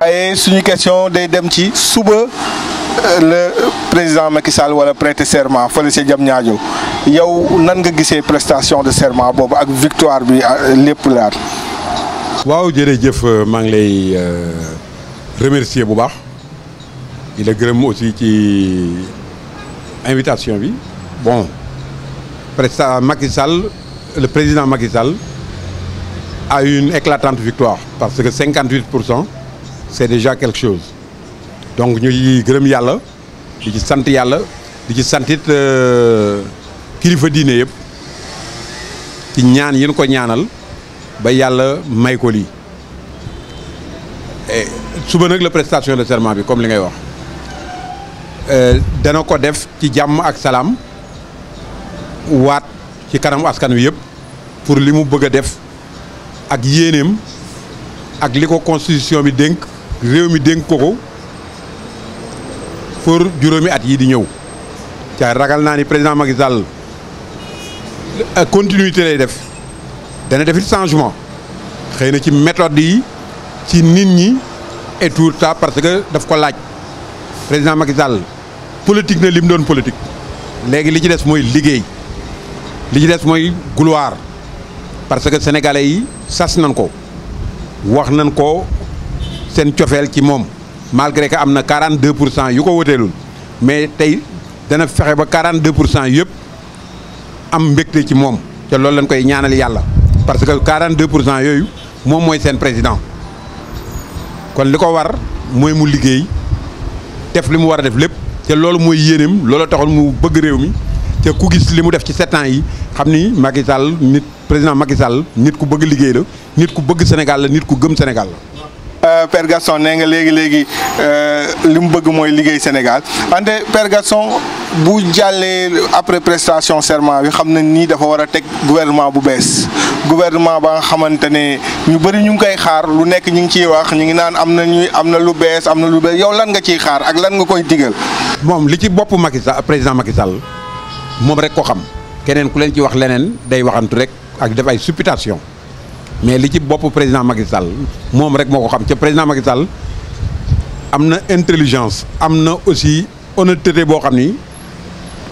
waaye suñu question day dem ci suba euh, le président Macky Sall wala prêter serment fële si Diamniadio yow nan nga gisee prestation de serment boobu ak victoire bi euh, lépp laat waaw jërëjëf euh, maa ngi lay remercier bu baax di la gërëm aussi ci invitation bi bon, Macky Sall, le président Macky Sall a eu une éclatante victoire parce que cinquante pour 58%, c'est déjà quelque chose. Donc nous sommes gërëm yàlla di ci sant yàlla di ci santit euh, kilifa diiné yépp ci ñaan yinu ko ñaanal ba yàlla may ko lii suba nag la prestation de serment bi comme li ngay wax euh, dana ko def ci jàmm ak salaam waat ci kanam askan wi yëpp pour li mu bëgg a def ak yéeneem ak li ko constitution bi dénk réew mi dénk ko ko pour juróomi at yii di ñëw ca ragal naa ni président Macky Sall euh, continuité lay def dana defit changement xëy na ci méthode yi ci nit ñi et tout ça parce que daf ko laaj président Macky Sall politique na li mu doon politique léegi li ci des mooy liggéey li ci des mooy gloire parce que sénégalais yi sas nañ ko wax nañ ko seen cofeel ci moom malgré que am na 42 pour cent yu ko woteelul mais tey dana fexe ba 42 pour cent yëpp am mbégte ci moom te loolu lañ koy ñaanal yàlla parce que 42 pour cent yooyu moom mooy seen président kon li ko war mooy mu liggéey def li mu war a def lépp te loolu mooy yéeneem loola taxoon mu bëgg réew mi te ku gis li mu def ci sept ans yi xam ni Macky nit président Macky nit ku bëgg liggéey la nit ku bëgg Sénégal la nit ku gëm Sénégal la. Euh, Père nee nga léegi léegi euh, li mu bëgg mooy liggéey Sénégal wante Père Gaston bu jàllee après prestation serment bi xam na nii dafa war a teg gouvernement bu bees gouvernement ba nga xamante ne ñu bëri ñu ngi koy xaar lu nekk ñu ngi ciy wax ñu ngi naan am na ñuy am na lu bees am na lu bees yow lan nga ciy xaar ak lan nga koy digal. moom li ci bopp Macky président Macky Sall moom rek ko xam. keneen ku leen ci wax leneen day waxantu rek ak def ay supputation mais li ci bopp président Macky Sall moom rek moo ko xam ca président Macky Sall am na intelligence am na aussi honnêteté boo xam ni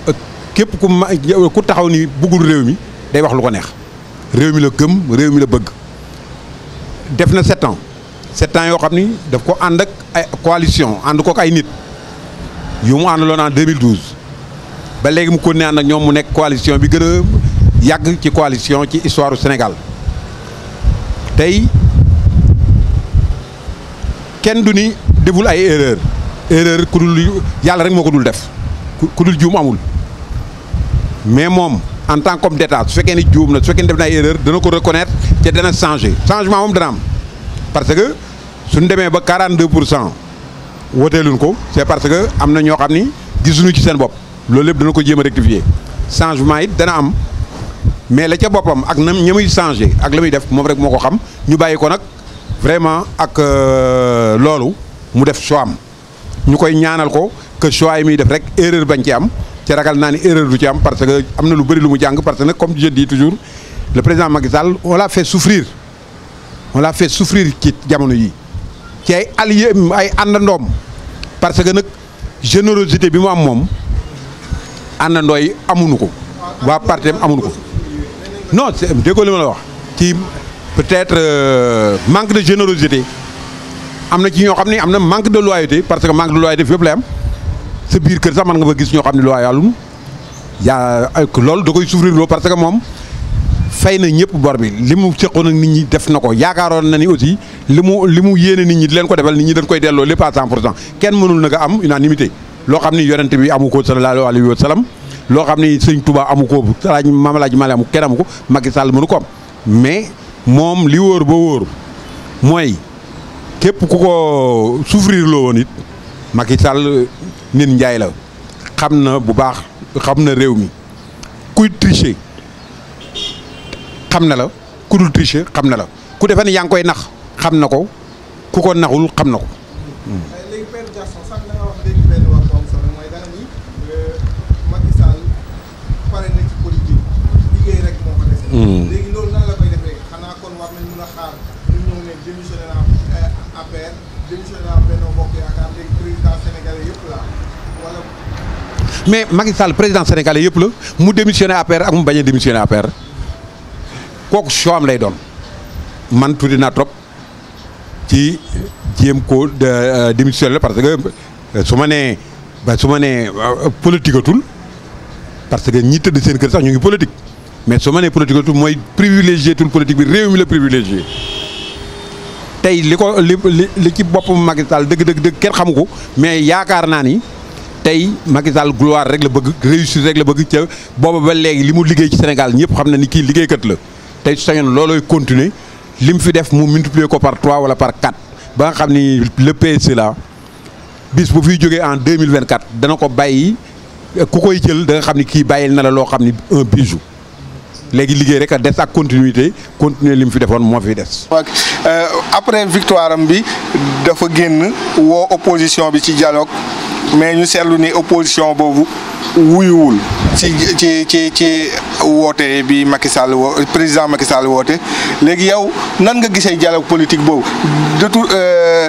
euh, képp ku ma ku taxaw nii buggul réew mi day wax lu ko neex réew mi la gëm réew mi la bëgg def na sept ans sept ans yoo xam ni daf ko ànd ak ay ànd ko kay ay nit yu mu àndaloon en 2012 ba léegi mu continué ànd ak ñoom mu nekk coalition bi gën a yàgg ci coalition ci histoire du Sénégal tey kenn du ni deful ay erreur erreur ku dul yàlla rek moo ko dul def ku dul juum amul mais moom en tant qu'homme d'État su fekkee ni juum na su fekkee ni def na ay erreur dana ko reconnaître te dana changer changement moom dana parce que suñ demee ba 42 pour cent woteeluñ ko c'est parce que am na ñoo xam ni gisuñu ci seen bopp. loolu yëpp dana ko jéem a rectifier changement it dana am mais la ca boppam ak na ña changé ak la muy def moom rek moo ko xam ñu bàyyi ko nag vraiment ak euh, loolu mu def choix am ñu koy ñaanal ko que choix muy def rek erreur bañ ci am ci ragal naa ni erreur du ci am parce que am na lu bëri lu mu jàng parce que nag comme je dis toujours le président Macky Sall l'a fait souffrir on l'a fait souffrir ci jamono yi ci ay allié ay àndandoom parce que nag générosité bi mu am moom. àndandoo yi amuñu ko waa partem amuñu ko non déggoo li ma la wax ci peut-être euh, manque de générosité am na ci ñoo xam ne am na manque de loyauté parce que manque de loyauté fépp lay am sa biir kër sax mën nga fa gis ñoo xam ne loyalul yaa loolu da koy souffrir loo parce que moom fay na ñëpp bor bi li mu seqoon ak nit ñi def na ko yaakaaroon na ni aussi li mu li mu yéene nit ñi di nit ñi dañ koy delloo lépp à 100 pour cent kenn mënul na nga am unanimité loo xam ni yonent bi amu ko sallallahu alayhi wa sallam loo xam ni sëñ tubaa amu ko laaj maam laaj Malick amu ko Macky Sall mënu ko mais moom li wóor ba wóor mooy képp ku ko souffrir woon it Macky Sall nit njaay la xam na bu baax xam na réew mi kuy tricher xam na la ku dul tricher xam na la ku defe ne yaa ngi koy nax xam na ko ku ko naxul xam na ko. Hmm. léegi loolu nan eh, mais Macky Sall président sénégalais yëpp la mu démissionné APR ak mu bañ a démissionné APR kooku am lay doon man tuuti naa trop ci jéem ko euh, démissionné parce que euh, su ma nee su ma nee euh, politiqueatul parce que ñi tëdd seen kër sax ñu ngi politique. mais su ma nee politique tout mooy privilégié tout politique bi réew mi la privilégié tey li ko li li ci boppam Macky Sall dëgg dëgg dëgg kenn xamu ko mais yaakaar naa ni tey Macky Sall gloire rek la bëgg réussite rek la bëgg ca booba ba léegi li mu liggéey ci Sénégal ñëpp xam na ni kii liggéey kat la tey su sañoon loolooy continuer li mu fi def mu multiplier ko par 3 wala par 4 ba nga xam ni le la bis bu fiy jógee en 2024 dana ko bàyyi ku koy jël da nga xam kii bàyyil na la loo xam ni un bijou léegi liggéey rek a des ak continuité continuer li mu fi defoon moo fi des. Euh, après victoire am bi dafa génn woo opposition bi ci dialogue mais ñu seetlu ni opposition boobu wuyuwul ci ci ci ci woote bi Macky président Macky Sall woote léegi yow nan nga gisee dialogue politique boobu de tout euh, euh,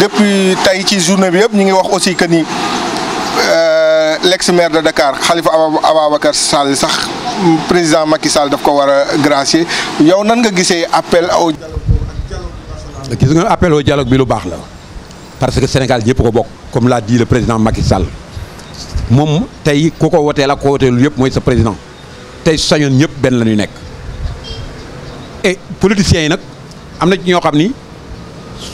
depuis tey ci journée bi yëpp ñu ngi wax aussi que nii l'ex-maire de Dakar Khalifa Ababacar Sall sax président Macky Sall daf ko war a gracier yow nan nga gisee appel au dialogue gis appel au dialogue bi lu baax la parce que Sénégal yëpp ko bokk comme l'a dit le président Macky Sall moom tey ku ko woteel ak ko woteelu yëpp mooy sa président tey sañoon ñëpp benn la ñuy nekk et politiciens yi nag am na ñoo xam ni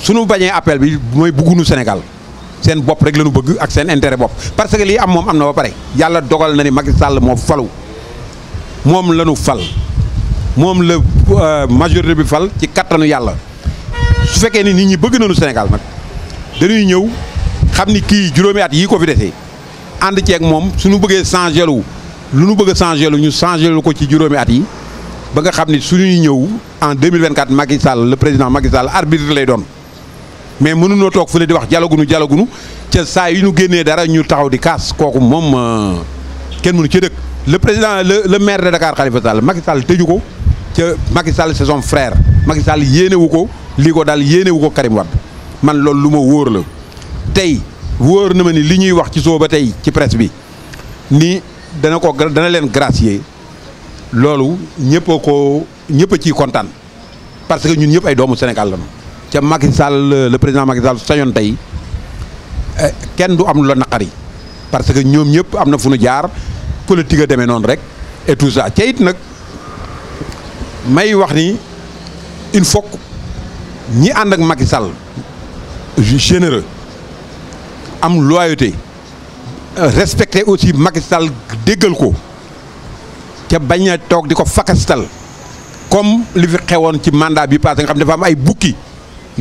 sunu bañee appel bi mooy buggunu Sénégal seen bopp rek la ñu bëgg ak seen intérêt bopp parce que lii am moom am na ba pare yàlla dogal na ni Macky moo falu moom lanu fal moom la euh, majorité bi fal ci kattanu yàlla su fekkee ni nit ñi bëgg nañu Sénégal mag dañuy ñëw xam ni kii juróomi at yii ko fi desee ànd ceeg moom suñu bëggee changé lu nu ñu bëgg a lu ñu changé lu ko ci juróomi at yi ba nga xam ni suñuy ñëw en 2024 Macky Sall le président Macky Sall arbitre lay doon mais mënunoo toog fu fële di wax jalagunu jalagunu ca saa yi ñu génnee dara ñu taxaw di kaas kooku moom euh, kenn mënu ci dëkk le président le maire de Dakar Khalifa Sall Macky Sall tëju ko ca Macky Sall c'est son frère Macky Sall yéenewu ko lii ko daal yéenewu ko Karim Wade man loolu lu ma wóor la tey wóor na ma ni li ñuy wax ci soo ba tey ci presse bi ni dana ko dana leen gracier loolu ñëpp ko ñëpp a ciy kontaan parce que ñun ñëpp ay doomu Sénégal lañu ca Macky Sall le président Macky Sall sañoon tey eh, kenn du am lu la naqari parce que ñoom ñëpp am na fu nu jaar politique a demee noonu rek et tout ça ca it nag may wax ni il faut ñi ànd ak Macky Sall généreux am loyauté respecter aussi Macky déggal ko ca bañ a toog di ko fakastal comme li fi xewoon ci mandat bi passé nga xam fa am ay bukki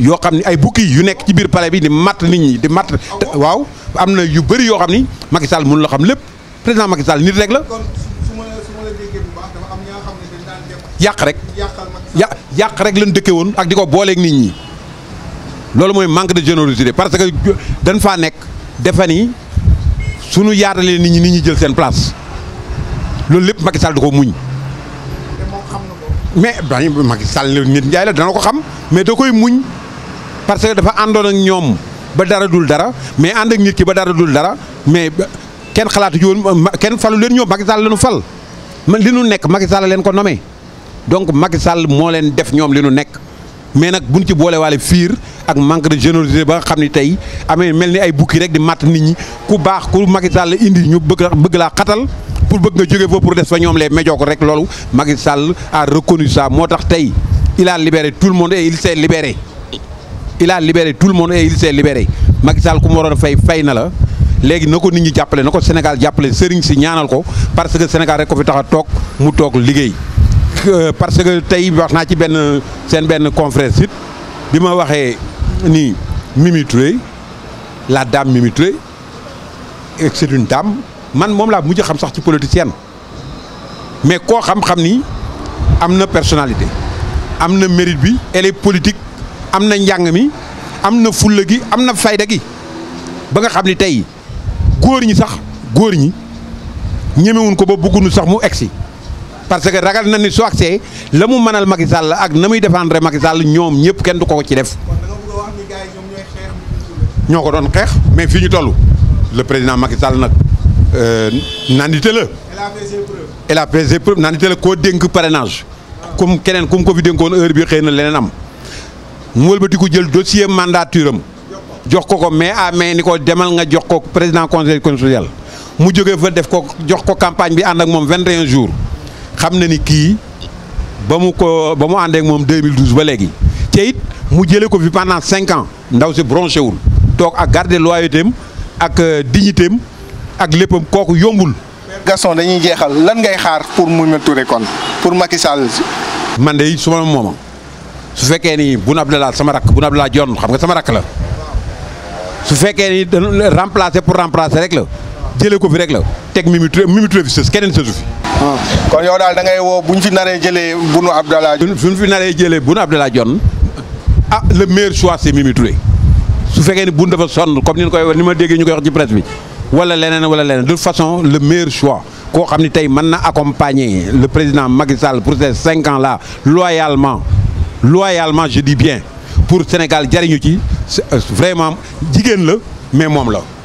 yoo xam ne ay bukki yu nekk ci biir palais bi di matt nit ñi di matt waaw am na yu bëri yoo xam ni Macky Sall mënu la xam lépp président Macky Sall nit rek la. yàq rek yàq yàq rek lañ dëkke woon ak di ko booleeg nit ñi loolu mooy manque de générosité parce que dañ faa nekk defe ni suñu yaatalee nit ñi nit ñi jël seen place loolu lépp Macky Sall ko muñ. mais dañuy Macky Sall nit njaay la dana ko xam mais da koy muñ. parce que dafa àndoon ak ñoom ba dara dul dara mais ànd ak nit ki ba dara dul dara mais kenn xalaatu jiwoon kenn falu leen ñoom Macky Sall la ñu fal man li nu nekk Macky Sall leen ko nommé donc Macky moo leen def ñoom li nu nekk mais nag bu buñ ci boole waale fiir ak manque de ba nga xam ni tey amee mel ni ay bukki rek di matt nit ñi ku baax ku Macky Sall indi ñu bëgg bëgg laa xatal pour bëgg nga jóge foofu pour des fa ñoom les médiocres rek loolu Macky Sall a moo tax tey il a libéré tout le monde et il il a libéré tout le monde et il s'est libéré Macky ku mu fay fay na la léegi na ko nit ñi jàppale na ko Sénégal jàppale sëriñ si ñaanal ko parce que Sénégal rek ko fi tax a toog mu toog liggéey. Euh, parce que tey wax naa ci benn seen benn conférence it bi ma waxee ni Mimi Touré la dame Mimi Touré et une dame man moom laa mujj xam sax ci politicienne mais koo xam-xam ni am na personnalité am na mérite bi elle est politique. am na njàng mi am na fulla gi am na fayda gi ba nga xam ni tey góor ñi sax góor ñi ñemewuñ ko ba buggunu sax mu si parce que ragal na ni su agsee la mu mënal Macky Sall ak na muy défendre Macky Sall ñoom ñëpp kenn du ko ci def. ñoo ko doon xeex mais fii ñu toll le président Macky Sall nag euh, nandite la. elle a fait ses preuves nandite la koo dénk parrainage. comme keneen comme ko fi dénkoon heure bi xëy na leneen am. mu wëlbatiku jël dossier mandature am jox ko ko mais à ah, mais ni ko demal nga jox ko président conseil constitutionnel mu jógee fa def ko jox ko campagne bi ànd ak moom 21 jours xam na ni kii ba mu ko ba mu ànd ak moom 2012 ba léegi te mu jëlee ko fi pendant 5 ans ndaw si bronché toog ak garder loyauté ak euh, dignité ak léppam kooku yombul. Gaston dañuy jeexal lan ngay xaar pour Mimi Touré kon pour Macky Sall. man de su ma mooma su fekkee ni Boun Abdallah sama rakk Boun Abdallah Dionne xam nga sama rakk la su fekkee ni dañu remplacer pour remplacer rek la jëlee ko fi rek la teg Mimi Touré Mimi Touré fi sës keneen sësu fi. Ah. kon yow daal da ngay woo bu ñu fi naree jëlee Boun Abdallah. suñ fi naree jëlee Boun Abdallah Dionne ah le meilleur choix c'est Mimi Touré su fekkee ni Boun dafa sonn comme ni ñu koy ni ma déggee ñu koy wax ci presse bi wala leneen wala leneen de toute façon le meilleur choix. koo xam ni tey mën na accompagner le président Macky Sall pour ces cinq ans là loyalement je dis bien pour Sénégal jariñu ci euh, vraiment jigéen la mais moom la